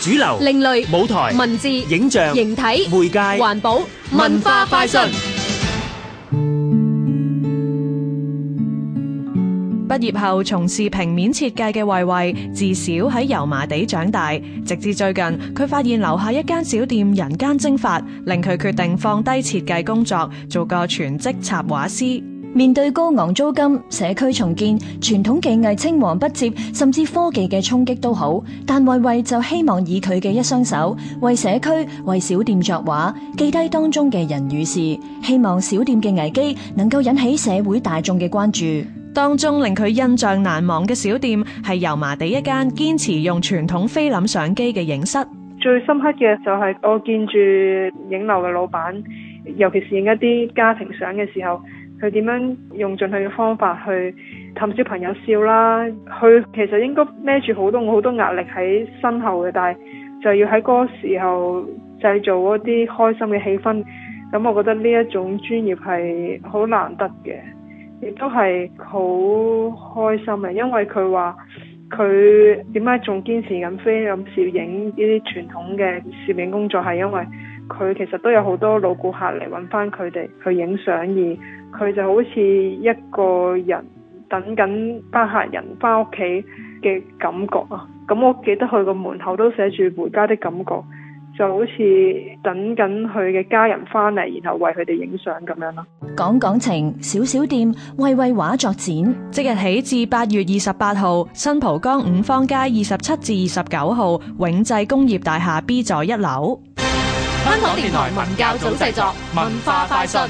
主流、另類舞台、文字、影像、形體、媒介、環保、文化快訊。畢業後從事平面設計嘅慧慧，自小喺油麻地長大，直至最近，佢發現樓下一間小店人間蒸發，令佢決定放低設計工作，做個全職插畫師。面對高昂租金、社區重建、傳統技藝青黃不接，甚至科技嘅衝擊都好，但慧慧就希望以佢嘅一雙手為社區、為小店作畫，記低當中嘅人與事，希望小店嘅危機能夠引起社會大眾嘅關注。當中令佢印象難忘嘅小店，係油麻地一間堅持用傳統菲林相機嘅影室。最深刻嘅就係我見住影樓嘅老闆，尤其是影一啲家庭相嘅時候。佢點樣用盡佢嘅方法去氹小朋友笑啦。佢其實應該孭住好多好多壓力喺身後嘅，但係就要喺嗰時候製造嗰啲開心嘅氣氛。咁我覺得呢一種專業係好難得嘅，亦都係好開心嘅，因為佢話佢點解仲堅持咁飛咁攝影呢啲傳統嘅攝影工作係因為。佢其實都有好多老顧客嚟揾翻佢哋去影相，而佢就好似一個人等緊班客人翻屋企嘅感覺啊。咁我記得佢個門口都寫住回家的感覺，就好似等緊佢嘅家人翻嚟，然後為佢哋影相咁樣咯。講講情，小小店，為為畫作展，即日起至八月二十八號，新蒲崗五芳街二十七至二十九號永濟工業大廈 B 座一樓。香港電台文教組製作《文化快訊》。